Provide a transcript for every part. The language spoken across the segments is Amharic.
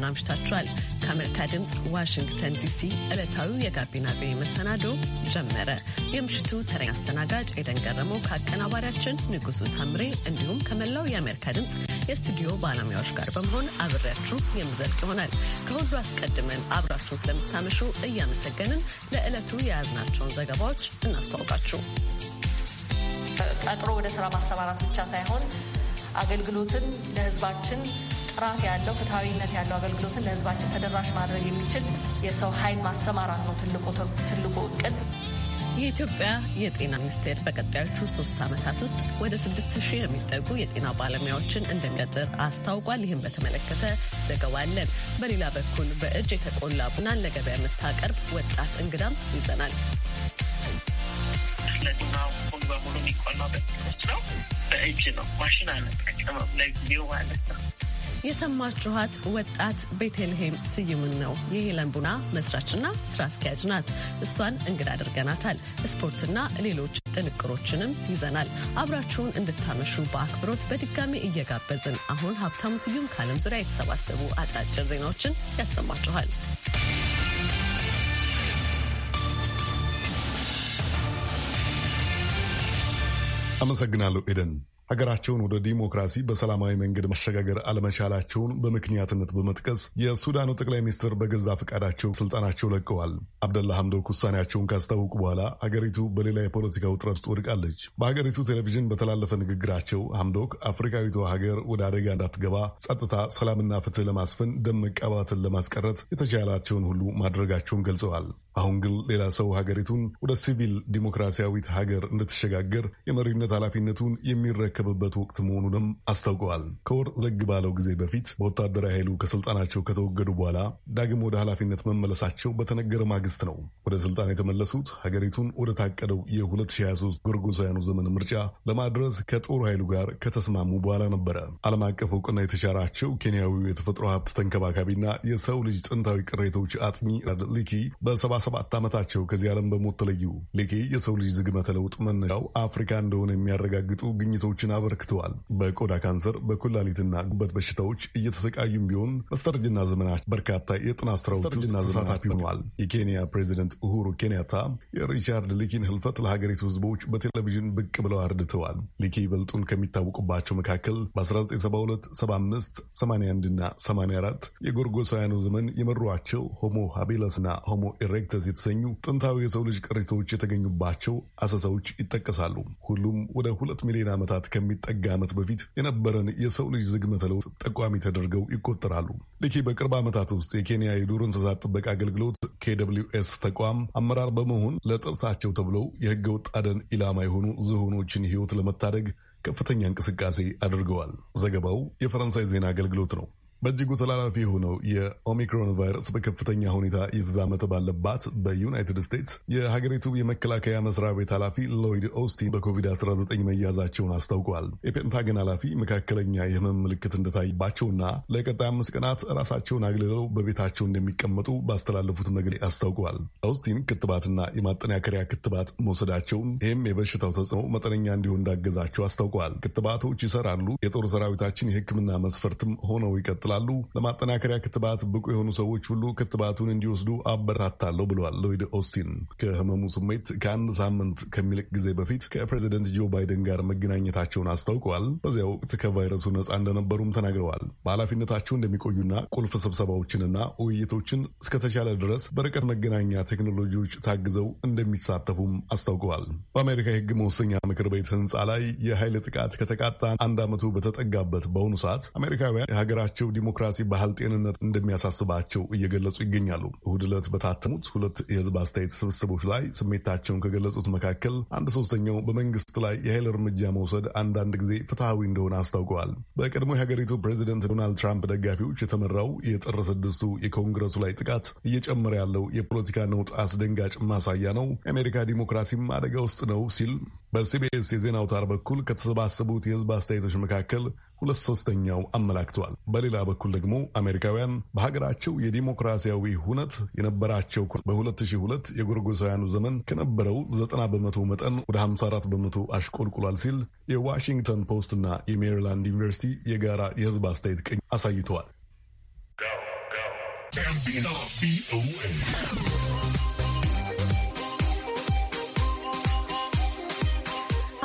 እንደምን አምሽታችኋል። ከአሜሪካ ድምፅ ዋሽንግተን ዲሲ ዕለታዊ የጋቢና ቤ መሰናዶ ጀመረ። የምሽቱ ተረኛ አስተናጋጅ ኤደን ገረመው ከአቀናባሪያችን ንጉሱ ታምሬ እንዲሁም ከመላው የአሜሪካ ድምፅ የስቱዲዮ ባለሙያዎች ጋር በመሆን አብሬያችሁ የምዘልቅ ይሆናል። ከሁሉ አስቀድመን አብራችሁን ስለምታመሹ እያመሰገንን ለዕለቱ የያዝናቸውን ዘገባዎች እናስተዋውቃችሁ። ቀጥሮ ወደ ስራ ማሰማራት ብቻ ሳይሆን አገልግሎትን ለህዝባችን ጥራት ያለው ፍትሐዊነት ያለው አገልግሎትን ለህዝባችን ተደራሽ ማድረግ የሚችል የሰው ኃይል ማሰማራት ነው ትልቁ እቅድ። የኢትዮጵያ የጤና ሚኒስቴር በቀጣዮቹ ሶስት ዓመታት ውስጥ ወደ ስድስት ሺህ የሚጠጉ የጤና ባለሙያዎችን እንደሚያጥር አስታውቋል። ይህም በተመለከተ ዘገባ አለን። በሌላ በኩል በእጅ የተቆላ ቡናን ለገበያ የምታቀርብ ወጣት እንግዳም ይዘናል። ለቡና በሙሉ የሚቆላው ነው። በእጅ ነው። ማሽን አለ ለጊዜው ማለት ነው የሰማችኋት ወጣት ቤተልሔም ስዩምን ነው። የሄለን ቡና መስራችና ስራ አስኪያጅ ናት። እሷን እንግዳ አድርገናታል። ስፖርትና ሌሎች ጥንቅሮችንም ይዘናል። አብራችሁን እንድታመሹ በአክብሮት በድጋሚ እየጋበዝን አሁን ሀብታሙ ስዩም ከዓለም ዙሪያ የተሰባሰቡ አጫጭር ዜናዎችን ያሰማችኋል። አመሰግናለሁ ኤደን። ሀገራቸውን ወደ ዲሞክራሲ በሰላማዊ መንገድ ማሸጋገር አለመቻላቸውን በምክንያትነት በመጥቀስ የሱዳኑ ጠቅላይ ሚኒስትር በገዛ ፈቃዳቸው ስልጣናቸው ለቀዋል። አብደላ ሐምዶክ ውሳኔያቸውን ካስታወቁ በኋላ ሀገሪቱ በሌላ የፖለቲካ ውጥረት ውስጥ ወድቃለች። በሀገሪቱ ቴሌቪዥን በተላለፈ ንግግራቸው ሐምዶክ አፍሪካዊቷ ሀገር ወደ አደጋ እንዳትገባ ጸጥታ፣ ሰላምና ፍትህ ለማስፈን ደም መቃባትን ለማስቀረት የተቻላቸውን ሁሉ ማድረጋቸውን ገልጸዋል። አሁን ግን ሌላ ሰው ሀገሪቱን ወደ ሲቪል ዲሞክራሲያዊት ሀገር እንድትሸጋገር የመሪነት ኃላፊነቱን የሚረከ በሚረከብበት ወቅት መሆኑንም አስታውቀዋል። ከወር ዘግ ባለው ጊዜ በፊት በወታደራዊ ኃይሉ ከስልጣናቸው ከተወገዱ በኋላ ዳግም ወደ ኃላፊነት መመለሳቸው በተነገረ ማግስት ነው። ወደ ስልጣን የተመለሱት ሀገሪቱን ወደ ታቀደው የ2023 ጎርጎሳውያኑ ዘመን ምርጫ ለማድረስ ከጦር ኃይሉ ጋር ከተስማሙ በኋላ ነበረ። ዓለም አቀፍ እውቅና የተሻራቸው ኬንያዊው የተፈጥሮ ሀብት ተንከባካቢና የሰው ልጅ ጥንታዊ ቅሬታዎች አጥኚ ሊኪ በ77 ዓመታቸው ከዚህ ዓለም በሞት ተለዩ። ሊኪ የሰው ልጅ ዝግመተ ለውጥ መነሻው አፍሪካ እንደሆነ የሚያረጋግጡ ግኝቶችን ጥናቶችን አበርክተዋል። በቆዳ ካንሰር፣ በኩላሊትና ጉበት በሽታዎች እየተሰቃዩም ቢሆን በስተርጅና ዘመናቸው በርካታ የጥናት ስራዎች ውስጥ ተሳታፊ ሆኗል። የኬንያ ፕሬዚደንት ኡሁሩ ኬንያታ የሪቻርድ ሊኪን ህልፈት ለሀገሪቱ ህዝቦች በቴሌቪዥን ብቅ ብለው አርድተዋል። ሊኪ ይበልጡን ከሚታወቁባቸው መካከል በ1972፣ 75፣ 81 እና 84 የጎርጎሳውያኑ ዘመን የመሯቸው ሆሞ ሀቢለስና ሆሞ ኤሬክተስ የተሰኙ ጥንታዊ የሰው ልጅ ቅሪቶች የተገኙባቸው አሰሳዎች ይጠቀሳሉ። ሁሉም ወደ ሁለት ሚሊዮን ዓመታት ከሚጠጋ ዓመት በፊት የነበረን የሰው ልጅ ዝግመተ ለውጥ ጠቋሚ ተደርገው ይቆጠራሉ። ልኬ በቅርብ ዓመታት ውስጥ የኬንያ የዱር እንስሳት ጥበቃ አገልግሎት ኬደብሊውኤስ ተቋም አመራር በመሆን ለጥርሳቸው ተብለው የህገ ወጥ አደን ኢላማ የሆኑ ዝሆኖችን ሕይወት ለመታደግ ከፍተኛ እንቅስቃሴ አድርገዋል። ዘገባው የፈረንሳይ ዜና አገልግሎት ነው። በእጅጉ ተላላፊ የሆነው የኦሚክሮን ቫይረስ በከፍተኛ ሁኔታ እየተዛመተ ባለባት በዩናይትድ ስቴትስ የሀገሪቱ የመከላከያ መስሪያ ቤት ኃላፊ ሎይድ ኦስቲን በኮቪድ-19 መያዛቸውን አስታውቀዋል። የፔንታገን ኃላፊ መካከለኛ የህመም ምልክት እንደታይባቸውና ለቀጣይ አምስት ቀናት ራሳቸውን አግልለው በቤታቸው እንደሚቀመጡ ባስተላለፉት መግለጫ አስታውቀዋል። ኦስቲን ክትባትና የማጠናከሪያ ክትባት መውሰዳቸውን ይህም የበሽታው ተጽዕኖ መጠነኛ እንዲሆን እንዳገዛቸው አስታውቀዋል። ክትባቶች ይሰራሉ፣ የጦር ሰራዊታችን የህክምና መስፈርትም ሆነው ይቀጥላል ስላሉ ለማጠናከሪያ ክትባት ብቁ የሆኑ ሰዎች ሁሉ ክትባቱን እንዲወስዱ አበረታታለሁ ብለዋል ሎይድ ኦስቲን። ከህመሙ ስሜት ከአንድ ሳምንት ከሚልቅ ጊዜ በፊት ከፕሬዚደንት ጆ ባይደን ጋር መገናኘታቸውን አስታውቀዋል። በዚያ ወቅት ከቫይረሱ ነፃ እንደነበሩም ተናግረዋል። በኃላፊነታቸው እንደሚቆዩና ቁልፍ ስብሰባዎችንና ውይይቶችን እስከተቻለ ድረስ በርቀት መገናኛ ቴክኖሎጂዎች ታግዘው እንደሚሳተፉም አስታውቀዋል። በአሜሪካ የህግ መወሰኛ ምክር ቤት ህንፃ ላይ የኃይል ጥቃት ከተቃጣ አንድ ዓመቱ በተጠጋበት በአሁኑ ሰዓት አሜሪካውያን የሀገራቸው ዲሞክራሲ ባህል ጤንነት እንደሚያሳስባቸው እየገለጹ ይገኛሉ። እሁድ ዕለት በታተሙት ሁለት የህዝብ አስተያየት ስብስቦች ላይ ስሜታቸውን ከገለጹት መካከል አንድ ሶስተኛው በመንግስት ላይ የኃይል እርምጃ መውሰድ አንዳንድ ጊዜ ፍትሐዊ እንደሆነ አስታውቀዋል። በቀድሞ የሀገሪቱ ፕሬዚደንት ዶናልድ ትራምፕ ደጋፊዎች የተመራው የጥር ስድስቱ የኮንግረሱ ላይ ጥቃት እየጨመረ ያለው የፖለቲካ ነውጥ አስደንጋጭ ማሳያ ነው፣ የአሜሪካ ዲሞክራሲም አደጋ ውስጥ ነው ሲል በሲቢኤስ የዜና አውታር በኩል ከተሰባሰቡት የህዝብ አስተያየቶች መካከል ሁለት ሶስተኛው አመላክቷል። በሌላ በኩል ደግሞ አሜሪካውያን በሀገራቸው የዲሞክራሲያዊ ሁነት የነበራቸው በ2002 የጎርጎሳውያኑ ዘመን ከነበረው 90 በመቶ መጠን ወደ 54 በመቶ አሽቆልቁሏል ሲል የዋሽንግተን ፖስት እና የሜሪላንድ ዩኒቨርሲቲ የጋራ የህዝብ አስተያየት ቅኝ አሳይተዋል።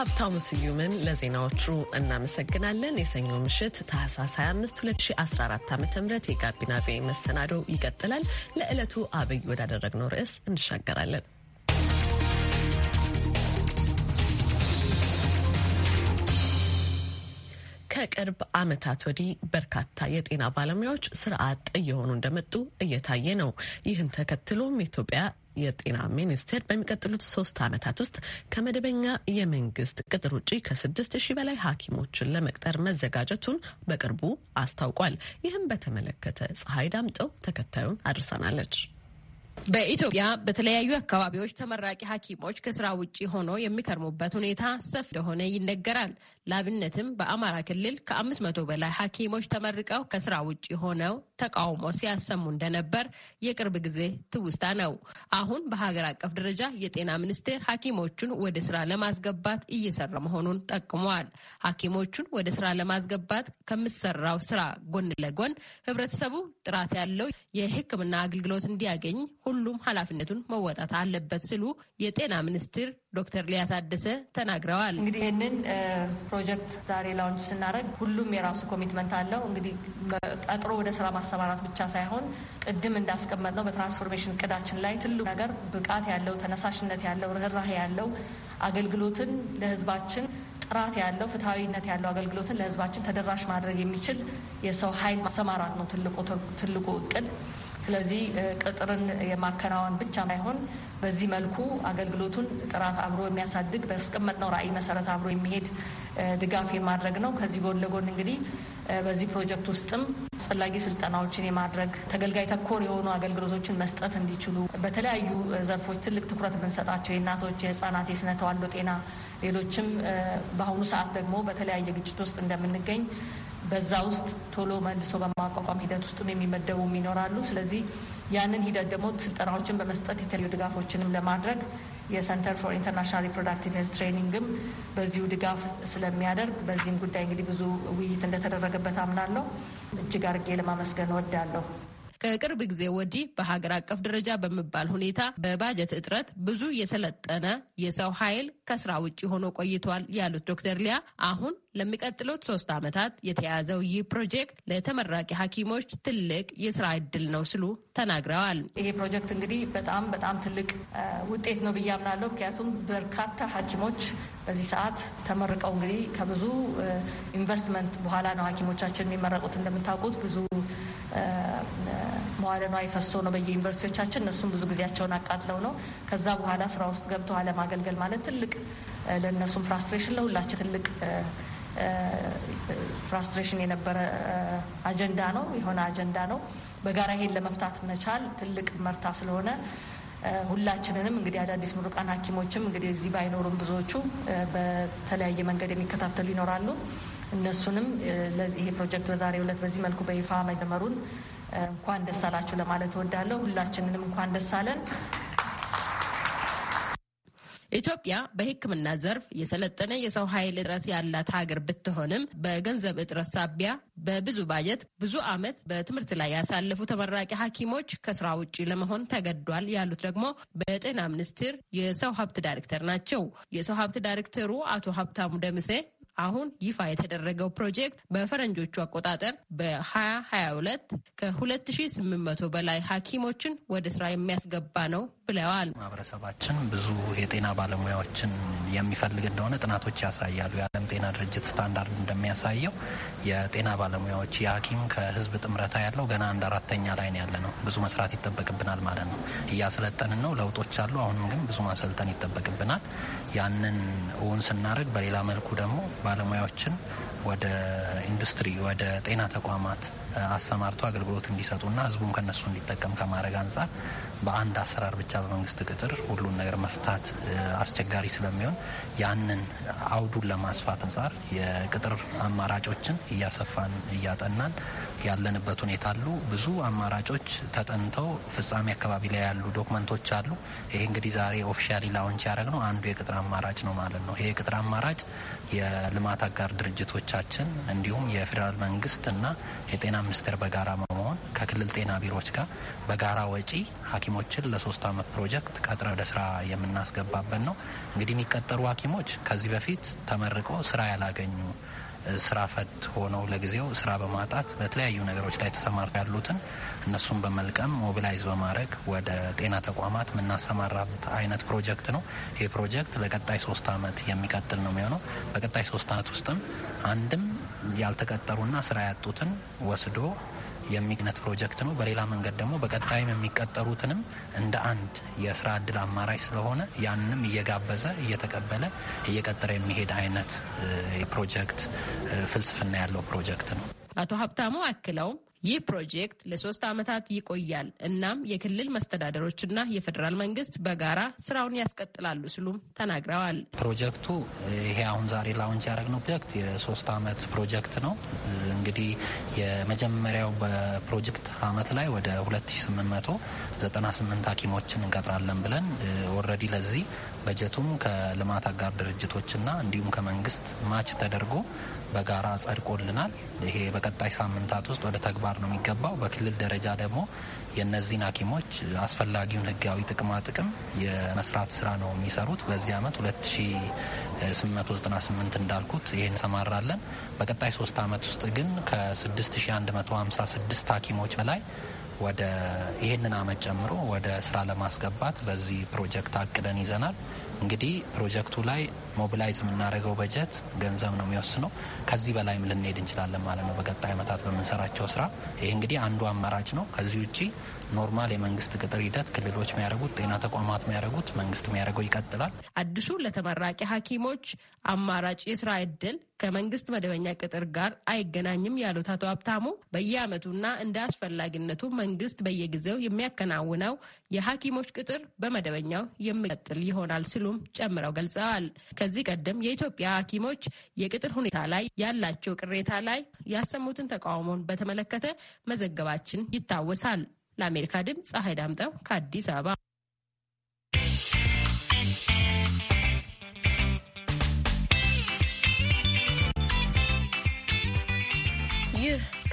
ሀብታሙ ስዩምን ለዜናዎቹ እናመሰግናለን። የሰኞ ምሽት ታህሳስ 25 2014 ዓ ም የጋቢና ቪ መሰናዶ ይቀጥላል። ለዕለቱ አብይ ወዳደረግነው ርዕስ እንሻገራለን። ከቅርብ ዓመታት ወዲህ በርካታ የጤና ባለሙያዎች ስራ አጥ እየሆኑ እንደመጡ እየታየ ነው። ይህን ተከትሎም ኢትዮጵያ የጤና ሚኒስቴር በሚቀጥሉት ሶስት ዓመታት ውስጥ ከመደበኛ የመንግስት ቅጥር ውጪ ከስድስት ሺህ በላይ ሐኪሞችን ለመቅጠር መዘጋጀቱን በቅርቡ አስታውቋል። ይህም በተመለከተ ፀሐይ ዳምጠው ተከታዩን አድርሳናለች። በኢትዮጵያ በተለያዩ አካባቢዎች ተመራቂ ሐኪሞች ከስራ ውጭ ሆኖ የሚከርሙበት ሁኔታ ሰፊ እንደሆነ ይነገራል። ላብነትም በአማራ ክልል ከአምስት መቶ በላይ ሐኪሞች ተመርቀው ከስራ ውጭ ሆነው ተቃውሞ ሲያሰሙ እንደነበር የቅርብ ጊዜ ትውስታ ነው። አሁን በሀገር አቀፍ ደረጃ የጤና ሚኒስቴር ሐኪሞቹን ወደ ስራ ለማስገባት እየሰራ መሆኑን ጠቅመዋል። ሐኪሞቹን ወደ ስራ ለማስገባት ከምሰራው ስራ ጎን ለጎን ህብረተሰቡ ጥራት ያለው የሕክምና አገልግሎት እንዲያገኝ ሁሉም ኃላፊነቱን መወጣት አለበት ሲሉ የጤና ሚኒስትር ዶክተር ሊያ ታደሰ ተናግረዋል። እንግዲህ ይህንን ፕሮጀክት ዛሬ ላውንች ስናደርግ ሁሉም የራሱ ኮሚትመንት አለው። እንግዲህ ቀጥሮ ወደ ስራ ማሰማራት ብቻ ሳይሆን ቅድም እንዳስቀመጥ ነው በትራንስፎርሜሽን እቅዳችን ላይ ትልቁ ነገር ብቃት ያለው ተነሳሽነት ያለው ርኅራሄ ያለው አገልግሎትን ለህዝባችን ጥራት ያለው ፍትሐዊነት ያለው አገልግሎትን ለህዝባችን ተደራሽ ማድረግ የሚችል የሰው ኃይል ማሰማራት ነው ትልቁ እቅድ። ስለዚህ ቅጥርን የማከናወን ብቻ ሳይሆን በዚህ መልኩ አገልግሎቱን ጥራት አብሮ የሚያሳድግ በስቀመጥነው ራዕይ መሰረት አብሮ የሚሄድ ድጋፍ የማድረግ ነው። ከዚህ ጎን ለጎን እንግዲህ በዚህ ፕሮጀክት ውስጥም አስፈላጊ ስልጠናዎችን የማድረግ ተገልጋይ ተኮር የሆኑ አገልግሎቶችን መስጠት እንዲችሉ በተለያዩ ዘርፎች ትልቅ ትኩረት የምንሰጣቸው የእናቶች፣ የህፃናት የስነ ተዋልዶ ጤና፣ ሌሎችም በአሁኑ ሰዓት ደግሞ በተለያየ ግጭት ውስጥ እንደምንገኝ በዛ ውስጥ ቶሎ መልሶ በማቋቋም ሂደት ውስጥም የሚመደቡም ይኖራሉ። ስለዚህ ያንን ሂደት ደግሞ ስልጠናዎችን በመስጠት የተለያዩ ድጋፎችንም ለማድረግ የሰንተር ፎር ኢንተርናሽናል ሪፕሮዳክቲቭ ትሬኒንግም በዚሁ ድጋፍ ስለሚያደርግ በዚህም ጉዳይ እንግዲህ ብዙ ውይይት እንደተደረገበት አምናለሁ። እጅግ አድርጌ ለማመስገን ወዳለሁ። ከቅርብ ጊዜ ወዲህ በሀገር አቀፍ ደረጃ በሚባል ሁኔታ በባጀት እጥረት ብዙ የሰለጠነ የሰው ኃይል ከስራ ውጭ ሆኖ ቆይቷል ያሉት ዶክተር ሊያ አሁን ለሚቀጥሉት ሶስት ዓመታት የተያዘው ይህ ፕሮጀክት ለተመራቂ ሐኪሞች ትልቅ የስራ እድል ነው ሲሉ ተናግረዋል። ይሄ ፕሮጀክት እንግዲህ በጣም በጣም ትልቅ ውጤት ነው ብዬ አምናለሁ። ምክንያቱም በርካታ ሐኪሞች በዚህ ሰዓት ተመርቀው እንግዲህ ከብዙ ኢንቨስትመንት በኋላ ነው ሐኪሞቻችን የሚመረቁት። እንደምታውቁት ብዙ መዋለ ንዋይ ፈሶ ነው በየዩኒቨርሲቲዎቻችን። እነሱም ብዙ ጊዜያቸውን አቃጥለው ነው ከዛ በኋላ ስራ ውስጥ ገብቶ አለማገልገል ማለት ትልቅ ለእነሱም ፍራስትሬሽን፣ ለሁላችን ትልቅ ፍራስትሬሽን የነበረ አጀንዳ ነው የሆነ አጀንዳ ነው። በጋራ ይሄን ለመፍታት መቻል ትልቅ መርታ ስለሆነ ሁላችንንም እንግዲህ አዳዲስ ምሩቃን ሐኪሞችም እንግዲህ እዚህ ባይኖሩም ብዙዎቹ በተለያየ መንገድ የሚከታተሉ ይኖራሉ። እነሱንም ይሄ ፕሮጀክት በዛሬው ዕለት በዚህ መልኩ በይፋ መጀመሩን እንኳን ደስ አላችሁ ለማለት እወዳለሁ። ሁላችንንም እንኳን ደስ አለን። ኢትዮጵያ በሕክምና ዘርፍ የሰለጠነ የሰው ኃይል እጥረት ያላት ሀገር ብትሆንም በገንዘብ እጥረት ሳቢያ በብዙ ባጀት ብዙ ዓመት በትምህርት ላይ ያሳለፉ ተመራቂ ሐኪሞች ከስራ ውጭ ለመሆን ተገዷል ያሉት ደግሞ በጤና ሚኒስቴር የሰው ሀብት ዳይሬክተር ናቸው። የሰው ሀብት ዳይሬክተሩ አቶ ሀብታሙ ደምሴ አሁን ይፋ የተደረገው ፕሮጀክት በፈረንጆቹ አቆጣጠር በ2022 ከ2800 በላይ ሐኪሞችን ወደ ስራ የሚያስገባ ነው ብለዋል። ማህበረሰባችን ብዙ የጤና ባለሙያዎችን የሚፈልግ እንደሆነ ጥናቶች ያሳያሉ። የዓለም ጤና ድርጅት ስታንዳርድ እንደሚያሳየው የጤና ባለሙያዎች የሐኪም ከህዝብ ጥምረታ ያለው ገና አንድ አራተኛ ላይ ነው ያለ ነው። ብዙ መስራት ይጠበቅብናል ማለት ነው። እያሰለጠንን ነው፣ ለውጦች አሉ። አሁንም ግን ብዙ ማሰልጠን ይጠበቅብናል። ያንን እውን ስናደርግ በሌላ መልኩ ደግሞ ባለሙያዎችን ወደ ኢንዱስትሪ፣ ወደ ጤና ተቋማት አሰማርቶ አገልግሎት እንዲሰጡና ህዝቡም ከነሱ እንዲጠቀም ከማድረግ አንጻር በአንድ አሰራር ብቻ በመንግስት ቅጥር ሁሉን ነገር መፍታት አስቸጋሪ ስለሚሆን ያንን አውዱን ለማስፋት አንጻር የቅጥር አማራጮችን እያሰፋን እያጠናን ያለንበት ሁኔታ አሉ። ብዙ አማራጮች ተጠንተው ፍጻሜ አካባቢ ላይ ያሉ ዶክመንቶች አሉ። ይሄ እንግዲህ ዛሬ ኦፊሻሊ ላውንች ያደረግነው አንዱ የቅጥር አማራጭ ነው ማለት ነው። ይሄ የቅጥር አማራጭ የልማት አጋር ድርጅቶቻችን እንዲሁም የፌዴራል መንግስት እና የጤና ሚኒስቴር በጋራ በመሆን ከክልል ጤና ቢሮዎች ጋር በጋራ ወጪ ሐኪሞችን ለሶስት አመት ፕሮጀክት ቀጥረ ወደ ስራ የምናስገባበት ነው። እንግዲህ የሚቀጠሩ ሐኪሞች ከዚህ በፊት ተመርቆ ስራ ያላገኙ ስራ ፈት ሆነው ለጊዜው ስራ በማጣት በተለያዩ ነገሮች ላይ ተሰማርተው ያሉትን እነሱን በመልቀም ሞቢላይዝ በማድረግ ወደ ጤና ተቋማት የምናሰማራበት አይነት ፕሮጀክት ነው። ይህ ፕሮጀክት ለቀጣይ ሶስት አመት የሚቀጥል ነው የሚሆነው። በቀጣይ ሶስት አመት ውስጥም አንድም ያልተቀጠሩና ስራ ያጡትን ወስዶ የሚግነት ፕሮጀክት ነው። በሌላ መንገድ ደግሞ በቀጣይም የሚቀጠሩትንም እንደ አንድ የስራ እድል አማራጭ ስለሆነ ያንንም እየጋበዘ እየተቀበለ እየቀጠረ የሚሄድ አይነት የፕሮጀክት ፍልስፍና ያለው ፕሮጀክት ነው። አቶ ሀብታሙ አክለውም ይህ ፕሮጀክት ለሶስት ዓመታት ይቆያል። እናም የክልል መስተዳደሮችና የፌዴራል መንግስት በጋራ ስራውን ያስቀጥላሉ ሲሉም ተናግረዋል። ፕሮጀክቱ ይሄ አሁን ዛሬ ላውንች ያደረግነው ፕሮጀክት የሶስት ዓመት ፕሮጀክት ነው። እንግዲህ የመጀመሪያው በፕሮጀክት አመት ላይ ወደ 2898 ሐኪሞችን እንቀጥራለን ብለን ኦልሬዲ ለዚህ በጀቱም ከልማት አጋር ድርጅቶችና እንዲሁም ከመንግስት ማች ተደርጎ በጋራ ጸድቆልናል። ይሄ በቀጣይ ሳምንታት ውስጥ ወደ ተግባር ነው የሚገባው። በክልል ደረጃ ደግሞ የእነዚህን ሐኪሞች አስፈላጊውን ህጋዊ ጥቅማ ጥቅም የመስራት ስራ ነው የሚሰሩት። በዚህ አመት 2898 እንዳልኩት ይህን እንሰማራለን። በቀጣይ ሶስት አመት ውስጥ ግን ከ6156 ሐኪሞች በላይ ወደ ይህንን አመት ጨምሮ ወደ ስራ ለማስገባት በዚህ ፕሮጀክት አቅደን ይዘናል። እንግዲህ ፕሮጀክቱ ላይ ሞቢላይዝ የምናደርገው በጀት ገንዘብ ነው የሚወስነው። ከዚህ በላይም ልንሄድ እንችላለን ማለት ነው በቀጣይ አመታት በምንሰራቸው ስራ። ይህ እንግዲህ አንዱ አማራጭ ነው። ከዚህ ውጭ ኖርማል የመንግስት ቅጥር ሂደት ክልሎች የሚያደርጉት ጤና ተቋማት የሚያደርጉት መንግስት የሚያደርገው ይቀጥላል። አዲሱ ለተመራቂ ሐኪሞች አማራጭ የስራ እድል ከመንግስት መደበኛ ቅጥር ጋር አይገናኝም ያሉት አቶ ሀብታሙ በየአመቱና እንደ አስፈላጊነቱ መንግስት በየጊዜው የሚያከናውነው የሐኪሞች ቅጥር በመደበኛው የሚቀጥል ይሆናል ሲሉም ጨምረው ገልጸዋል። ከዚህ ቀደም የኢትዮጵያ ሐኪሞች የቅጥር ሁኔታ ላይ ያላቸው ቅሬታ ላይ ያሰሙትን ተቃውሞን በተመለከተ መዘገባችን ይታወሳል። ለአሜሪካ ድምፅ ፀሐይ ዳምጠው ከአዲስ አበባ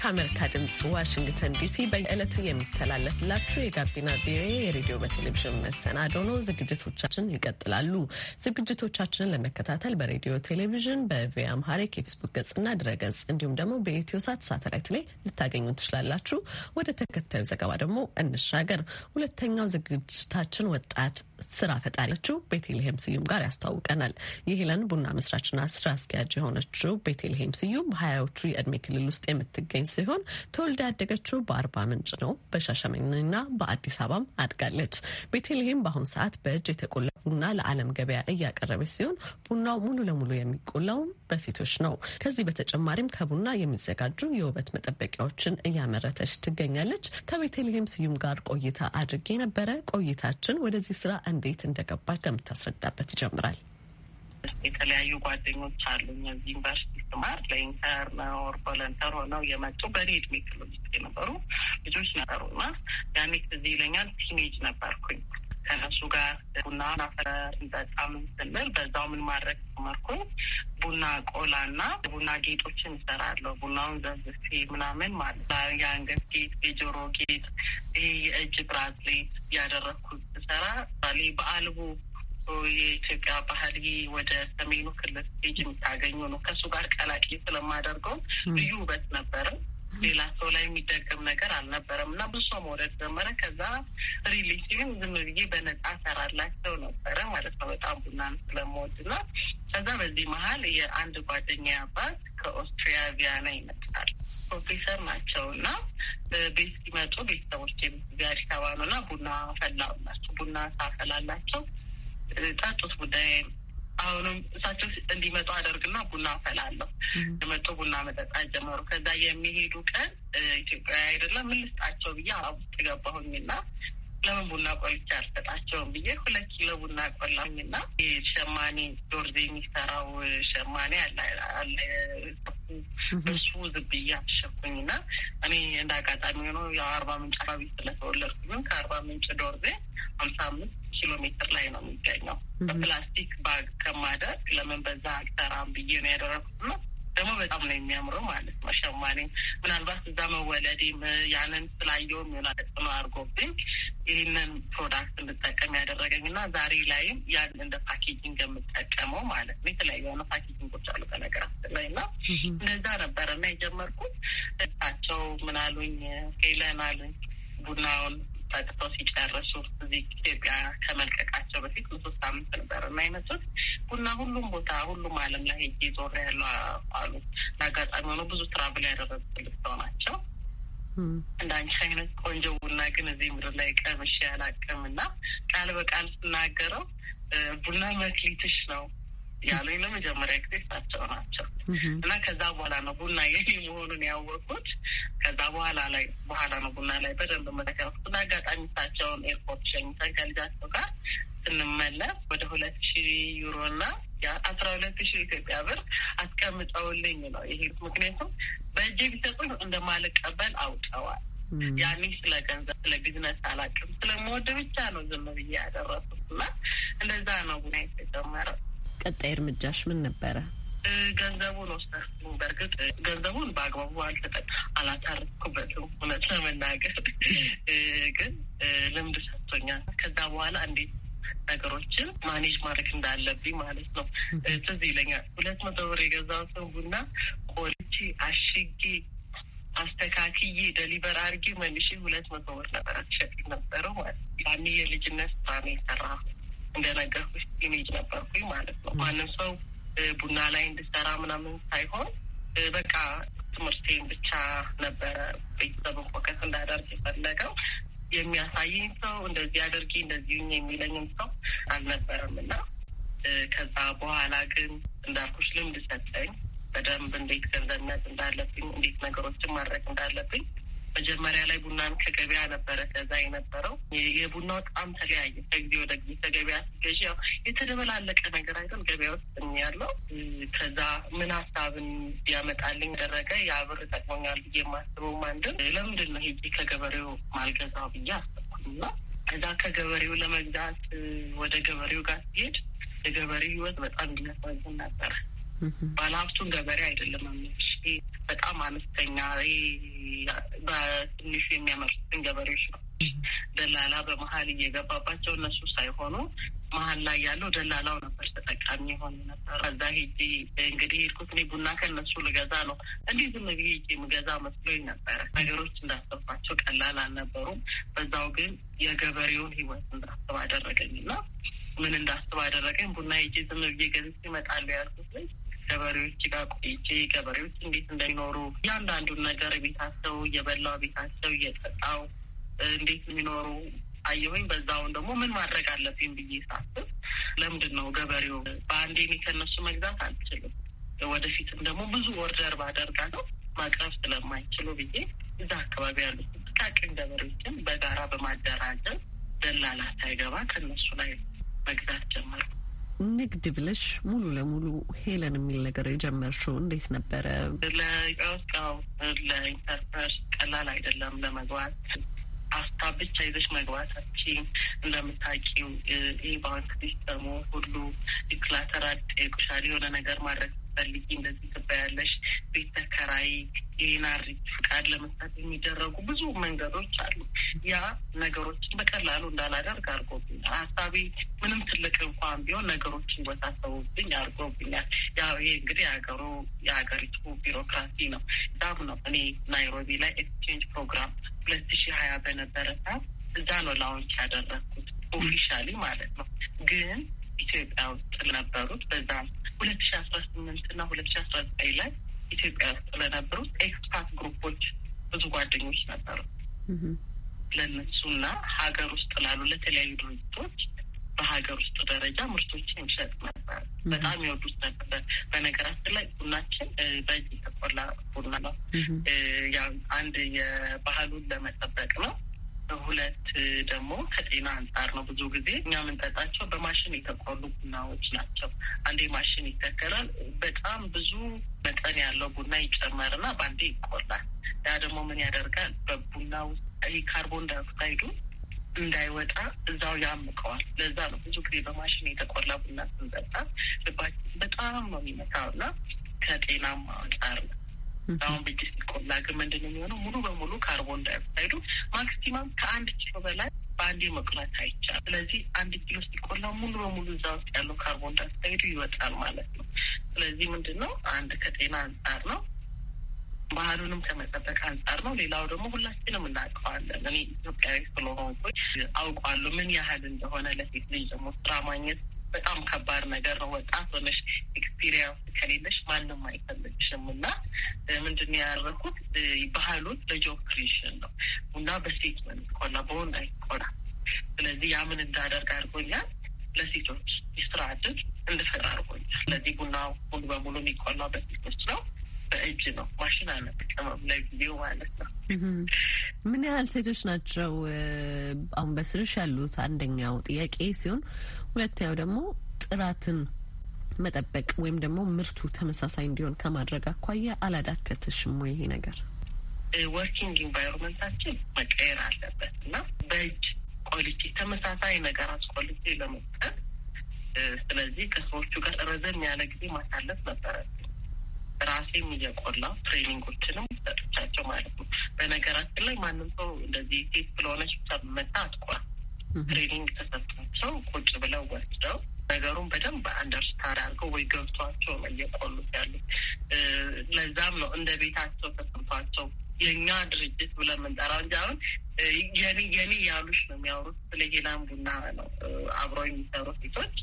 ከአሜሪካ ድምፅ ዋሽንግተን ዲሲ በዕለቱ የሚተላለፍላችሁ የጋቢና ቪኦኤ የሬዲዮ በቴሌቪዥን መሰናዶ ነው። ዝግጅቶቻችን ይቀጥላሉ። ዝግጅቶቻችንን ለመከታተል በሬዲዮ ቴሌቪዥን፣ በቪኦኤ አምሃሪክ የፌስቡክ ገጽና ድረ ገጽ እንዲሁም ደግሞ ሳት ሳተላይት ላይ ልታገኙ ትችላላችሁ። ወደ ተከታዩ ዘገባ ደግሞ እንሻገር። ሁለተኛው ዝግጅታችን ወጣት ስራ ፈጣሪችው ቤቴልሄም ስዩም ጋር ያስተዋውቀናል። የሄለን ቡና መስራችና ስራ አስኪያጅ የሆነችው ቤቴልሄም ስዩም በሀያዎቹ የእድሜ ክልል ውስጥ የምትገኝ ሲሆን ተወልዳ ያደገችው በአርባ ምንጭ ነው። በሻሸመኔና በአዲስ አበባም አድጋለች። ቤተልሔም በአሁኑ ሰዓት በእጅ የተቆላ ቡና ለዓለም ገበያ እያቀረበች ሲሆን ቡናው ሙሉ ለሙሉ የሚቆላውም በሴቶች ነው። ከዚህ በተጨማሪም ከቡና የሚዘጋጁ የውበት መጠበቂያዎችን እያመረተች ትገኛለች። ከቤተልሔም ስዩም ጋር ቆይታ አድርጌ ነበረ። ቆይታችን ወደዚህ ስራ እንዴት እንደገባች ከምታስረዳበት ይጀምራል። የተለያዩ ጓደኞች አሉ እዚህ ዩኒቨርሲቲ ስማር ለኢንተርን ኦር ቮለንተር ሆነው የመጡ በኔ እድሜ ክልል ውስጥ የነበሩ ልጆች ነበሩ እና ያኔ ትዝ ይለኛል ቲኔጅ ነበርኩኝ። ከነሱ ጋር ቡና ናፈረ እንጠጣ ስንል በዛው ምን ማድረግ ጀመርኩኝ። ቡና ቆላ እና ቡና ጌጦችን እሰራለሁ። ቡናውን ዘዝፌ ምናምን ማለት የአንገት ጌጥ፣ የጆሮ ጌጥ፣ የእጅ ብራዝሌት ያደረግኩት ስሰራ በአልቡ የኢትዮጵያ ባህል ወደ ሰሜኑ ክልል ሄጅ የምታገኙ ነው። ከእሱ ጋር ቀላቂ ስለማደርገው ልዩ ውበት ነበረ። ሌላ ሰው ላይ የሚደገም ነገር አልነበረም እና ብዙ ሰው መውደድ ጀመረ። ከዛ ሪሌሽንም ዝም ብዬ በነጻ ሰራላቸው ነበረ ማለት ነው። በጣም ቡና ስለምወድ እና ከዛ በዚህ መሀል የአንድ ጓደኛ አባት ከኦስትሪያ ቪያና ይመጣል። ፕሮፌሰር ናቸው እና ቤት ሲመጡ ቤተሰቦች እዚህ አዲስ አበባ ነው እና ቡና ፈላላቸው ቡና ሳፈላላቸው ጠጡት ጉዳይ አሁንም እሳቸው እንዲመጡ አደርግና ቡና ፈላለሁ። የመጡ ቡና መጠጣት ጀመሩ። ከዛ የሚሄዱ ቀን ኢትዮጵያ አይደለም ምን ልስጣቸው ብዬ አውስጥ ገባሁኝና ለምን ቡና ቆልቼ አልሰጣቸውም ብዬ ሁለት ኪሎ ቡና ቆላሁኝና ሸማኔ ዶርዜ የሚሰራው ሸማኔ አለ አለ እሱ ዝብዬ አሸኩኝና እኔ እንደ አጋጣሚ ሆኖ የአርባ ምንጭ አካባቢ ስለተወለድኩኝ ከአርባ ምንጭ ዶርዜ ሀምሳ አምስት ኪሎ ሜትር ላይ ነው የሚገኘው። በፕላስቲክ ባግ ከማደርግ ለምን በዛ አልሰራም ብዬ ነው ያደረኩት ነው ደግሞ በጣም ነው የሚያምረው ማለት ነው። ሸማኔ ምናልባት እዛ መወለዴም ያንን ስላየውም የሆነ ተጽዕኖ አድርጎብኝ ይህንን ፕሮዳክት እንድጠቀም ያደረገኝ እና ዛሬ ላይም ያን እንደ ፓኬጂንግ የምጠቀመው ማለት ነው። የተለያዩ የሆነ ፓኬጂንጎች አሉ በነገራችን ላይ እና እንደዛ ነበረ እና የጀመርኩት እሳቸው ምናሉኝ ሄለን አሉኝ ቡናውን ተጠቅተው ሲጨርሱ እዚህ ኢትዮጵያ ከመልቀቃቸው በፊት ምሶስት አምስት ነበር እና የመጡት ቡና ሁሉም ቦታ ሁሉም አለም ላይ ሄጄ ዞር ያለ አሉ ለአጋጣሚ ሆኖ ብዙ ትራቭል ያደረጉልኝ ሰው ናቸው። እንደ አንቺ አይነት ቆንጆ ቡና ግን እዚህ ምድር ላይ ቀምሼ አላውቅም እና ቃል በቃል ስናገረው ቡና መክሊትሽ ነው ያሉኝ ለመጀመሪያ ጊዜ እሳቸው ናቸው እና ከዛ በኋላ ነው ቡና የኔ መሆኑን ያወቁት። ከዛ በኋላ ላይ በኋላ ነው ቡና ላይ በደንብ መለከት ቡና አጋጣሚ እሳቸውን ኤርፖርት ሸኝተን ከልጃቸው ጋር ስንመለስ ወደ ሁለት ሺህ ዩሮ እና አስራ ሁለት ሺህ ኢትዮጵያ ብር አስቀምጠውልኝ ነው ይሄ ምክንያቱም በእጄ ቢሰጡኝ እንደማልቀበል አውቀዋል። ያኔ ስለ ገንዘብ ስለ ቢዝነስ አላውቅም። ስለምወድ ብቻ ነው ዝም ብዬ ያደረሱት እና እንደዛ ነው ቡና የተጀመረው። ቀጣይ እርምጃሽ ምን ነበረ? ገንዘቡን ወሰድኩ። በእርግጥ ገንዘቡን በአግባቡ አልተጠቅ አላታርኩበትም እውነት ለመናገር ግን ልምድ ሰጥቶኛል። ከዛ በኋላ እንዴት ነገሮችን ማኔጅ ማድረግ እንዳለብኝ ማለት ነው። ትዝ ይለኛል ሁለት መቶ ብር የገዛሁትን ቡና ቆልቼ አሽጌ አስተካክዬ ደሊቨር አድርጌ መልሼ ሁለት መቶ ብር ነበር አትሸጥ ነበረው ማለት ነው። ያኔ የልጅነት ስራ ነው የሰራሁት እንደነገርኩሽ ቲኔጅ ነበርኩኝ ማለት ነው። ማንም ሰው ቡና ላይ እንድሰራ ምናምን ሳይሆን በቃ ትምህርቴን ብቻ ነበረ ቤተሰብን ፎከስ እንዳደርግ የፈለገው የሚያሳይኝ ሰው እንደዚህ አድርጊ እንደዚሁኝ የሚለኝም ሰው አልነበረም እና ከዛ በኋላ ግን እንዳልኩሽ ልምድ ሰጠኝ በደንብ እንዴት ገንዘብ መያዝ እንዳለብኝ፣ እንዴት ነገሮችን ማድረግ እንዳለብኝ መጀመሪያ ላይ ቡናን ከገበያ ነበረ ከዛ የነበረው። የቡና በጣም ተለያየ። ከጊዜ ወደ ጊዜ ከገበያ ሲገዥ ያው የተደበላለቀ ነገር አይደል ገበያ ውስጥ ያለው። ከዛ ምን ሀሳብን ያመጣልኝ ደረገ ያ ብር ጠቅሞኛል ብዬ የማስበው አንድም ለምንድን ነው ሄጄ ከገበሬው ማልገዛው ብዬ አሰብኩኝና ከዛ ከገበሬው ለመግዛት ወደ ገበሬው ጋር ሲሄድ የገበሬው ህይወት በጣም ሊያሳዝን ነበር። ባለሀብቱን ገበሬ አይደለም አምስት በጣም አነስተኛ በትንሹ የሚያመርቱትን ገበሬዎች ነው። ደላላ በመሀል እየገባባቸው እነሱ ሳይሆኑ መሀል ላይ ያለው ደላላው ነበር ተጠቃሚ የሆነ ነበር። ከዛ ሄጂ እንግዲህ ሄድኩት። እኔ ቡና ከነሱ ልገዛ ነው። እንዲህ ዝም ብዬ ሄጂ ምገዛ መስሎኝ ነበረ። ነገሮች እንዳሰባቸው ቀላል አልነበሩም። በዛው ግን የገበሬውን ህይወት እንዳስብ አደረገኝ እና ምን እንዳስብ አደረገኝ። ቡና ሄጂ ዝም ብዬ ገዝቼ እመጣለሁ ያልኩት ልጅ ገበሬዎች ጋር ቆይቼ ገበሬዎች እንዴት እንደሚኖሩ እያንዳንዱን ነገር ቤታቸው እየበላው ቤታቸው እየጠጣው እንዴት የሚኖሩ አየሁኝ። በዛውን ደግሞ ምን ማድረግ አለብኝ ብዬ ሳስብ ለምንድን ነው ገበሬው በአንዴ እኔ ከነሱ መግዛት አልችልም፣ ወደፊትም ደግሞ ብዙ ኦርደር ነው ማቅረብ ስለማይችሉ ብዬ እዛ አካባቢ ያሉ ጥቃቅን ገበሬዎችን በጋራ በማደራጀት ደላላ ሳይገባ ከነሱ ላይ መግዛት ጀመርኩ። ንግድ ብለሽ ሙሉ ለሙሉ ሄለን የሚል ነገር የጀመርሽው እንዴት ነበረ? ለኢትዮጵያ ውስጥ ለኢንተርፕረነር ቀላል አይደለም ለመግባት ሀሳብ ብቻ ይዘሽ መግባታችን እንደምታውቂው ይህ ባንክ ሲስተሙ ሁሉ የክላተራል የቁሻሪ የሆነ ነገር ማድረግ ስትፈልጊ እንደዚህ ትባያለሽ፣ ቤት ተከራይ፣ ይህን ፍቃድ ለመስጠት የሚደረጉ ብዙ መንገዶች አሉ። ያ ነገሮችን በቀላሉ እንዳላደርግ አድርጎብኛል። ሀሳቤ ምንም ትልቅ እንኳን ቢሆን ነገሮችን ወሳሰቡብኝ አድርጎብኛል። ያ ይሄ እንግዲህ የሀገሩ የሀገሪቱ ቢሮክራሲ ነው። ዛም ነው እኔ ናይሮቢ ላይ ኤክስቼንጅ ፕሮግራም ሁለት ሺህ ሀያ በነበረ ሰዓት እዛ ነው ላውንች ያደረግኩት ኦፊሻሊ ማለት ነው ግን ኢትዮጵያ ውስጥ ለነበሩት በዛ ሁለት ሺ አስራ ስምንት እና ሁለት ሺ አስራ ዘጠኝ ላይ ኢትዮጵያ ውስጥ ለነበሩት ኤክስፓት ግሩፖች ብዙ ጓደኞች ነበሩ። ለእነሱና ሀገር ውስጥ ላሉ ለተለያዩ ድርጅቶች በሀገር ውስጥ ደረጃ ምርቶችን የሚሸጥ ነበር። በጣም ይወዱት ነበር። በነገራችን ላይ ቡናችን በእጅ የተቆላ ቡና ነው። አንድ የባህሉን ለመጠበቅ ነው። ሁለት ደግሞ ከጤና አንጻር ነው። ብዙ ጊዜ እኛ የምንጠጣቸው በማሽን የተቆሉ ቡናዎች ናቸው። አንዴ ማሽን ይተከላል። በጣም ብዙ መጠን ያለው ቡና ይጨመርና በአንዴ ይቆላል። ያ ደግሞ ምን ያደርጋል? በቡና ውስጥ ካርቦን ዳይኦክሳይዱ እንዳይወጣ እዛው ያምቀዋል። ለዛ ነው ብዙ ጊዜ በማሽን የተቆላ ቡና ስንጠጣ ልባችን በጣም ነው የሚመታው እና ከጤናም አንጻር ነው አሁን ቤት ሲቆላግ ምንድን የሚሆነው ሙሉ በሙሉ ካርቦን ዳይኦክሳይዱ ማክሲማም ከአንድ ኪሎ በላይ በአንዴ መቁላት አይቻልም። ስለዚህ አንድ ኪሎ ሲቆላ ሙሉ በሙሉ እዛ ውስጥ ያለው ካርቦን ዳይኦክሳይዱ ይወጣል ማለት ነው። ስለዚህ ምንድን ነው አንድ ከጤና አንጻር ነው ባህሉንም ከመጠበቅ አንጻር ነው። ሌላው ደግሞ ሁላችንም እናውቀዋለን። እኔ ኢትዮጵያዊ ስለሆንኩኝ አውቀዋለሁ ምን ያህል እንደሆነ ለሴት ልጅ ደግሞ ስራ ማግኘት በጣም ከባድ ነገር ነው። ወጣት ሆነሽ ኤክስፒሪየንስ ከሌለሽ ማንም አይፈልግሽም። እና ምንድን ያደረኩት ባህሉን በጆብ ክሪኤሽን ነው እና በስቴትመንት ቆላ በሆን አይቆላ ስለዚህ ያ ምን እንዳደርግ አድርጎኛል። ለሴቶች የስራ እድል እንድፈራ አድርጎኛል። ስለዚህ ቡና ሙሉ በሙሉ የሚቆላው በሴቶች ነው። በእጅ ነው። ማሽን አልጠቀመም ለጊዜው ማለት ነው። ምን ያህል ሴቶች ናቸው አሁን በስርሽ ያሉት? አንደኛው ጥያቄ ሲሆን ሁለተኛው ደግሞ ጥራትን መጠበቅ ወይም ደግሞ ምርቱ ተመሳሳይ እንዲሆን ከማድረግ አኳያ አላዳከተሽም ወይ ይሄ ነገር? ወርኪንግ ኢንቫይሮንመንታችን መቀየር አለበት እና በእጅ ኳሊቲ ተመሳሳይ ነገር አስኳሊቲ ለመጠን ስለዚህ ከሰዎቹ ጋር ረዘም ያለ ጊዜ ማሳለፍ ነበረ። ራሴም እየቆላ ትሬኒንጎችንም ሰጥቻቸው ማለት ነው። በነገራችን ላይ ማንም ሰው እንደዚህ ሴት ስለሆነች ብቻ መታ አትቆራ ትሬኒንግ ተሰጥቷቸው ቁጭ ብለው ወስደው ነገሩን በደንብ አንደርስታንድ አድርገው ወይ ገብቷቸው ነው እየቆሉት ያሉት። ለዛም ነው እንደ ቤታቸው ተሰምቷቸው የእኛ ድርጅት ብለን የምንጠራው እንጂ አሁን የኔ የኔ ያሉሽ ነው የሚያወሩት። ስለ ሄላም ቡና ነው አብረው የሚሰሩ ሴቶች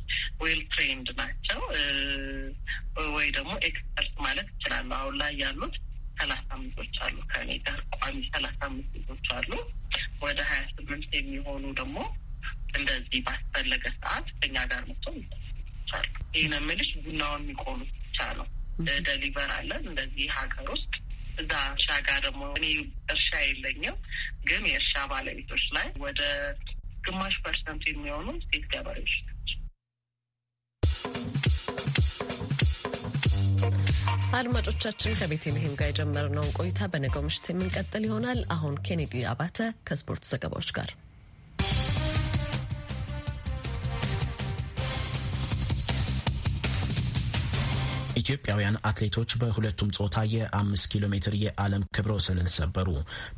ዌል ትሬንድ ናቸው ወይ ደግሞ ኤክስፐርት ማለት ይችላሉ አሁን ላይ ያሉት ሰላሳ አምስቶች አሉ ከኔ ጋር ቋሚ ሰላሳ አምስት ሴቶች አሉ። ወደ ሀያ ስምንት የሚሆኑ ደግሞ እንደዚህ ባስፈለገ ሰዓት ከኛ ጋር መጥቶ ይቻሉ። ይህን የምልሽ ቡናውን የሚቆሉ ብቻ ነው። ደሊቨር አለን እንደዚህ ሀገር ውስጥ እዛ እርሻ ጋር ደግሞ እኔ እርሻ የለኝም፣ ግን የእርሻ ባለቤቶች ላይ ወደ ግማሽ ፐርሰንት የሚሆኑ ሴት ገበሬዎች አድማጮቻችን ከቤተልሔም ጋር የጀመርነውን ቆይታ በነገው ምሽት የምንቀጥል ይሆናል። አሁን ኬኔዲ አባተ ከስፖርት ዘገባዎች ጋር ኢትዮጵያውያን አትሌቶች በሁለቱም ጾታ የአምስት ኪሎ ሜትር የዓለም ክብረ ወሰንን ሰበሩ።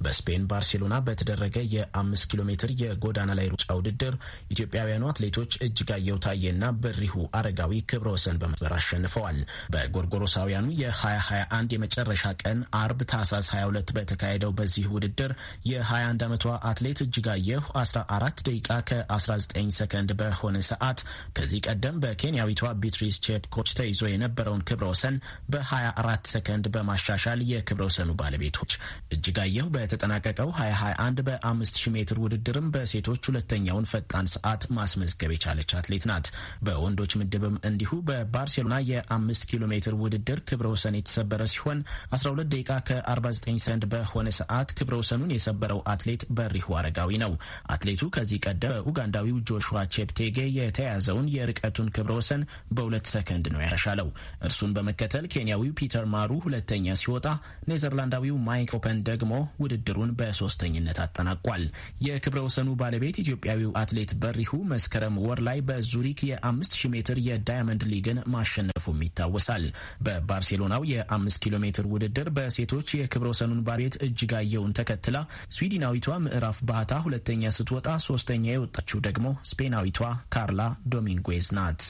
በስፔን ባርሴሎና በተደረገ የአምስት ኪሎ ሜትር የጎዳና ላይ ሩጫ ውድድር ኢትዮጵያውያኑ አትሌቶች እጅጋየው ታዬና በሪሁ አረጋዊ ክብረ ወሰን በመስበር አሸንፈዋል። በጎርጎሮሳውያኑ የ2021 የመጨረሻ ቀን አርብ ታህሳስ 22 በተካሄደው በዚህ ውድድር የ21 ዓመቷ አትሌት እጅጋየሁ 14 ደቂቃ ከ19 ሰከንድ በሆነ ሰዓት ከዚህ ቀደም በኬንያዊቷ ቢትሪስ ቼፕኮች ተይዞ የነበረውን ክብ ክብረ ወሰን በ24 ሰከንድ በማሻሻል የክብረ ወሰኑ ባለቤቶች እጅጋየሁ በተጠናቀቀው 2021 በ5000 ሜትር ውድድርም በሴቶች ሁለተኛውን ፈጣን ሰዓት ማስመዝገብ የቻለች አትሌት ናት። በወንዶች ምድብም እንዲሁ በባርሴሎና የ5 ኪሎ ሜትር ውድድር ክብረ ወሰን የተሰበረ ሲሆን 12 ደቂቃ ከ49 ሰንድ በሆነ ሰዓት ክብረ ወሰኑን የሰበረው አትሌት በሪሁ አረጋዊ ነው። አትሌቱ ከዚህ ቀደም በኡጋንዳዊው ጆሹዋ ቼፕቴጌ የተያያዘውን የርቀቱን ክብረ ወሰን በሁለት ሰከንድ ነው ያሻለው። እርሱን እሱን በመከተል ኬንያዊው ፒተር ማሩ ሁለተኛ ሲወጣ፣ ኔዘርላንዳዊው ማይክ ኦፐን ደግሞ ውድድሩን በሶስተኝነት አጠናቋል። የክብረ ወሰኑ ባለቤት ኢትዮጵያዊው አትሌት በሪሁ መስከረም ወር ላይ በዙሪክ የ5000 ሜትር የዳያመንድ ሊግን ማሸነፉም ይታወሳል። በባርሴሎናው የ5 ኪሎ ሜትር ውድድር በሴቶች የክብረ ወሰኑን ባለቤት እጅጋየውን ተከትላ ስዊድናዊቷ ምዕራፍ ባህታ ሁለተኛ ስትወጣ፣ ሶስተኛ የወጣችው ደግሞ ስፔናዊቷ ካርላ ዶሚንጉዌዝ ናት።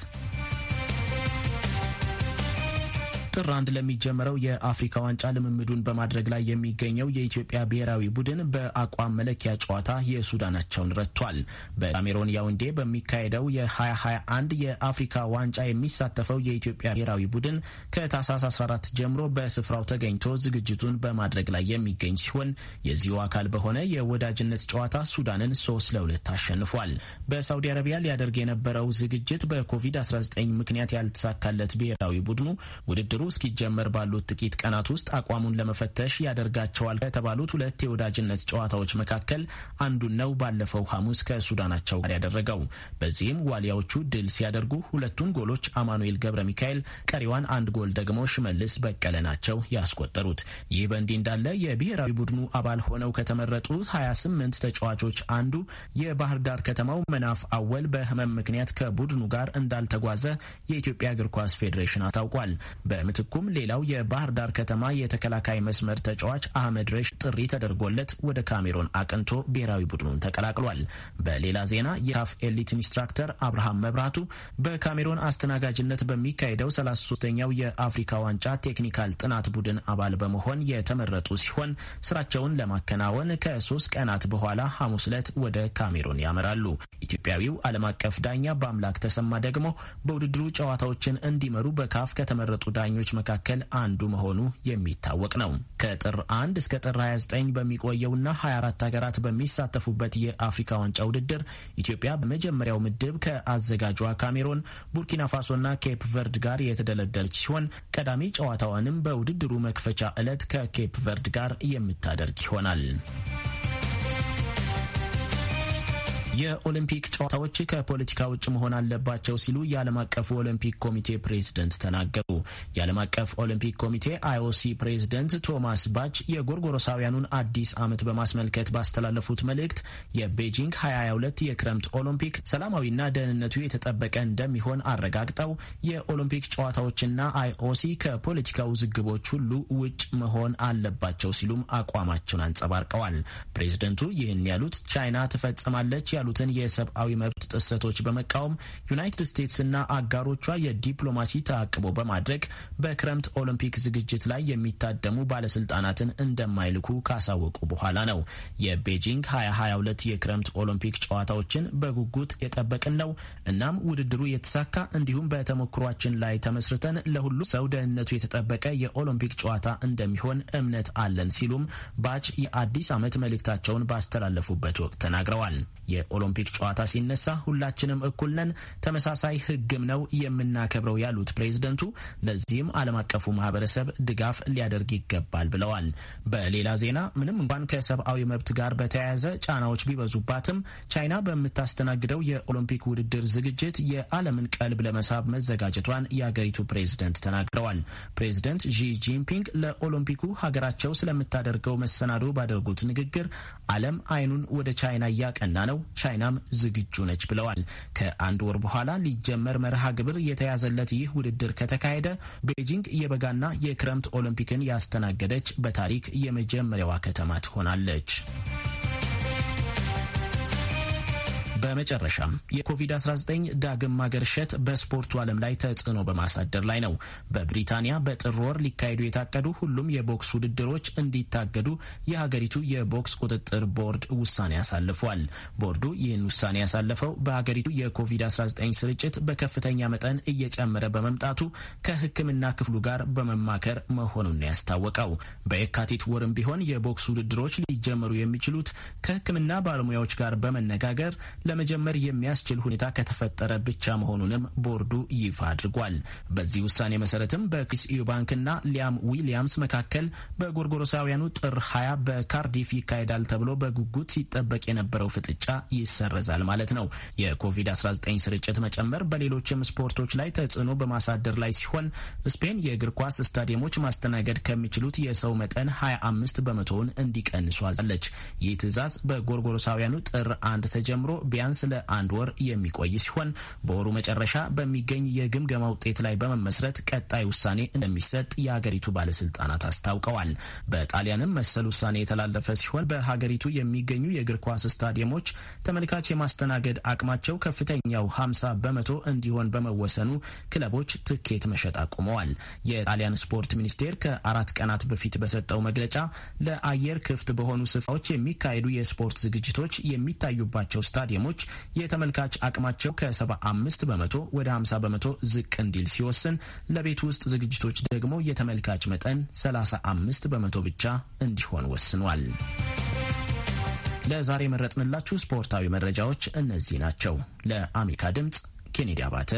ጥር አንድ ለሚጀመረው የአፍሪካ ዋንጫ ልምምዱን በማድረግ ላይ የሚገኘው የኢትዮጵያ ብሔራዊ ቡድን በአቋም መለኪያ ጨዋታ የሱዳናቸውን ረቷል። በካሜሮን ያውንዴ በሚካሄደው የ2021 የአፍሪካ ዋንጫ የሚሳተፈው የኢትዮጵያ ብሔራዊ ቡድን ከታህሳስ 14 ጀምሮ በስፍራው ተገኝቶ ዝግጅቱን በማድረግ ላይ የሚገኝ ሲሆን የዚሁ አካል በሆነ የወዳጅነት ጨዋታ ሱዳንን ሶስት ለሁለት አሸንፏል። በሳውዲ አረቢያ ሊያደርግ የነበረው ዝግጅት በኮቪድ-19 ምክንያት ያልተሳካለት ብሔራዊ ቡድኑ ውድድሩ ድርድሩ እስኪጀመር ባሉት ጥቂት ቀናት ውስጥ አቋሙን ለመፈተሽ ያደርጋቸዋል ከተባሉት ሁለት የወዳጅነት ጨዋታዎች መካከል አንዱን ነው ባለፈው ሐሙስ ከሱዳናቸው ጋር ያደረገው። በዚህም ዋሊያዎቹ ድል ሲያደርጉ ሁለቱን ጎሎች አማኑኤል ገብረ ሚካኤል፣ ቀሪዋን አንድ ጎል ደግሞ ሽመልስ በቀለ ናቸው ያስቆጠሩት። ይህ በእንዲህ እንዳለ የብሔራዊ ቡድኑ አባል ሆነው ከተመረጡት 28 ተጫዋቾች አንዱ የባህር ዳር ከተማው መናፍ አወል በህመም ምክንያት ከቡድኑ ጋር እንዳልተጓዘ የኢትዮጵያ እግር ኳስ ፌዴሬሽን አስታውቋል። ምትኩም ሌላው የባህር ዳር ከተማ የተከላካይ መስመር ተጫዋች አህመድ ረሽ ጥሪ ተደርጎለት ወደ ካሜሮን አቅንቶ ብሔራዊ ቡድኑን ተቀላቅሏል። በሌላ ዜና የካፍ ኤሊት ኢንስትራክተር አብርሃም መብራቱ በካሜሮን አስተናጋጅነት በሚካሄደው 33ኛው የአፍሪካ ዋንጫ ቴክኒካል ጥናት ቡድን አባል በመሆን የተመረጡ ሲሆን ስራቸውን ለማከናወን ከሶስት ቀናት በኋላ ሐሙስ ዕለት ወደ ካሜሮን ያመራሉ። ኢትዮጵያዊው ዓለም አቀፍ ዳኛ በአምላክ ተሰማ ደግሞ በውድድሩ ጨዋታዎችን እንዲመሩ በካፍ ከተመረጡ ዳኞች ውሳኔዎች መካከል አንዱ መሆኑ የሚታወቅ ነው። ከጥር 1 እስከ ጥር 29 በሚቆየውና 24 ሀገራት በሚሳተፉበት የአፍሪካ ዋንጫ ውድድር ኢትዮጵያ በመጀመሪያው ምድብ ከአዘጋጇ ካሜሮን፣ ቡርኪና ፋሶና ኬፕ ቨርድ ጋር የተደለደለች ሲሆን ቀዳሚ ጨዋታዋንም በውድድሩ መክፈቻ ዕለት ከኬፕ ቨርድ ጋር የምታደርግ ይሆናል። የኦሎምፒክ ጨዋታዎች ከፖለቲካ ውጭ መሆን አለባቸው ሲሉ የዓለም አቀፉ ኦሎምፒክ ኮሚቴ ፕሬዝደንት ተናገሩ። የዓለም አቀፍ ኦሎምፒክ ኮሚቴ አይኦሲ ፕሬዝደንት ቶማስ ባች የጎርጎሮሳውያኑን አዲስ ዓመት በማስመልከት ባስተላለፉት መልእክት የቤጂንግ 2022 የክረምት ኦሎምፒክ ሰላማዊና ደህንነቱ የተጠበቀ እንደሚሆን አረጋግጠው የኦሎምፒክ ጨዋታዎችና አይኦሲ ከፖለቲካ ውዝግቦች ሁሉ ውጭ መሆን አለባቸው ሲሉም አቋማቸውን አንጸባርቀዋል። ፕሬዝደንቱ ይህን ያሉት ቻይና ትፈጽማለች ያሉትን የሰብአዊ መብት ጥሰቶች በመቃወም ዩናይትድ ስቴትስና አጋሮቿ የዲፕሎማሲ ተአቅቦ በማድረግ በክረምት ኦሎምፒክ ዝግጅት ላይ የሚታደሙ ባለስልጣናትን እንደማይልኩ ካሳወቁ በኋላ ነው። የቤጂንግ 2022 የክረምት ኦሎምፒክ ጨዋታዎችን በጉጉት የጠበቅን ነው። እናም ውድድሩ የተሳካ እንዲሁም በተሞክሯችን ላይ ተመስርተን ለሁሉ ሰው ደህንነቱ የተጠበቀ የኦሎምፒክ ጨዋታ እንደሚሆን እምነት አለን ሲሉም ባች የአዲስ ዓመት መልእክታቸውን ባስተላለፉበት ወቅት ተናግረዋል። ኦሎምፒክ ጨዋታ ሲነሳ ሁላችንም እኩል ነን፣ ተመሳሳይ ህግም ነው የምናከብረው ያሉት ፕሬዝደንቱ ለዚህም ዓለም አቀፉ ማህበረሰብ ድጋፍ ሊያደርግ ይገባል ብለዋል። በሌላ ዜና ምንም እንኳን ከሰብአዊ መብት ጋር በተያያዘ ጫናዎች ቢበዙባትም ቻይና በምታስተናግደው የኦሎምፒክ ውድድር ዝግጅት የዓለምን ቀልብ ለመሳብ መዘጋጀቷን የአገሪቱ ፕሬዝደንት ተናግረዋል። ፕሬዝደንት ዢ ጂንፒንግ ለኦሎምፒኩ ሀገራቸው ስለምታደርገው መሰናዶ ባደረጉት ንግግር ዓለም አይኑን ወደ ቻይና እያቀና ነው፣ ቻይናም ዝግጁ ነች ብለዋል። ከአንድ ወር በኋላ ሊጀመር መርሃ ግብር የተያዘለት ይህ ውድድር ከተካሄደ ቤጂንግ የበጋና የክረምት ኦሎምፒክን ያስተናገደች በታሪክ የመጀመሪያዋ ከተማ ትሆናለች። በመጨረሻም የኮቪድ-19 ዳግም ማገርሸት በስፖርቱ ዓለም ላይ ተጽዕኖ በማሳደር ላይ ነው። በብሪታንያ በጥር ወር ሊካሄዱ የታቀዱ ሁሉም የቦክስ ውድድሮች እንዲታገዱ የሀገሪቱ የቦክስ ቁጥጥር ቦርድ ውሳኔ አሳልፏል። ቦርዱ ይህን ውሳኔ ያሳለፈው በሀገሪቱ የኮቪድ-19 ስርጭት በከፍተኛ መጠን እየጨመረ በመምጣቱ ከሕክምና ክፍሉ ጋር በመማከር መሆኑን ያስታወቀው። በየካቲት ወርም ቢሆን የቦክስ ውድድሮች ሊጀመሩ የሚችሉት ከሕክምና ባለሙያዎች ጋር በመነጋገር ለመጀመር የሚያስችል ሁኔታ ከተፈጠረ ብቻ መሆኑንም ቦርዱ ይፋ አድርጓል። በዚህ ውሳኔ መሰረትም በክሪስ ባንክና ሊያም ዊሊያምስ መካከል በጎርጎሮሳውያኑ ጥር 20 በካርዲፍ ይካሄዳል ተብሎ በጉጉት ሲጠበቅ የነበረው ፍጥጫ ይሰረዛል ማለት ነው። የኮቪድ-19 ስርጭት መጨመር በሌሎችም ስፖርቶች ላይ ተጽዕኖ በማሳደር ላይ ሲሆን ስፔን የእግር ኳስ ስታዲየሞች ማስተናገድ ከሚችሉት የሰው መጠን 25 በመቶውን እንዲቀንሱ አዛለች። ይህ ትዕዛዝ በጎርጎሮሳውያኑ ጥር አንድ ተጀምሮ ቢያንስ ለአንድ ወር የሚቆይ ሲሆን በወሩ መጨረሻ በሚገኝ የግምገማ ውጤት ላይ በመመስረት ቀጣይ ውሳኔ እንደሚሰጥ የሀገሪቱ ባለስልጣናት አስታውቀዋል። በጣሊያንም መሰል ውሳኔ የተላለፈ ሲሆን በሀገሪቱ የሚገኙ የእግር ኳስ ስታዲየሞች ተመልካች የማስተናገድ አቅማቸው ከፍተኛው 50 በመቶ እንዲሆን በመወሰኑ ክለቦች ትኬት መሸጥ አቁመዋል። የጣሊያን ስፖርት ሚኒስቴር ከአራት ቀናት በፊት በሰጠው መግለጫ ለአየር ክፍት በሆኑ ስፍራዎች የሚካሄዱ የስፖርት ዝግጅቶች የሚታዩባቸው ስታዲየሞች ፊልሞች የተመልካች አቅማቸው ከ75 በመቶ ወደ 50 በመቶ ዝቅ እንዲል ሲወስን፣ ለቤት ውስጥ ዝግጅቶች ደግሞ የተመልካች መጠን 35 በመቶ ብቻ እንዲሆን ወስኗል። ለዛሬ የመረጥንላችሁ ስፖርታዊ መረጃዎች እነዚህ ናቸው። ለአሜሪካ ድምፅ ኬኔዲ አባተ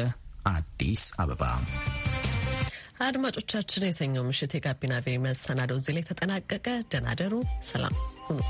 አዲስ አበባ። አድማጮቻችን የሰኞው ምሽት የጋቢና ቪ መሰናዶ እዚህ ላይ ተጠናቀቀ። ደናደሩ ሰላም ሁኑ።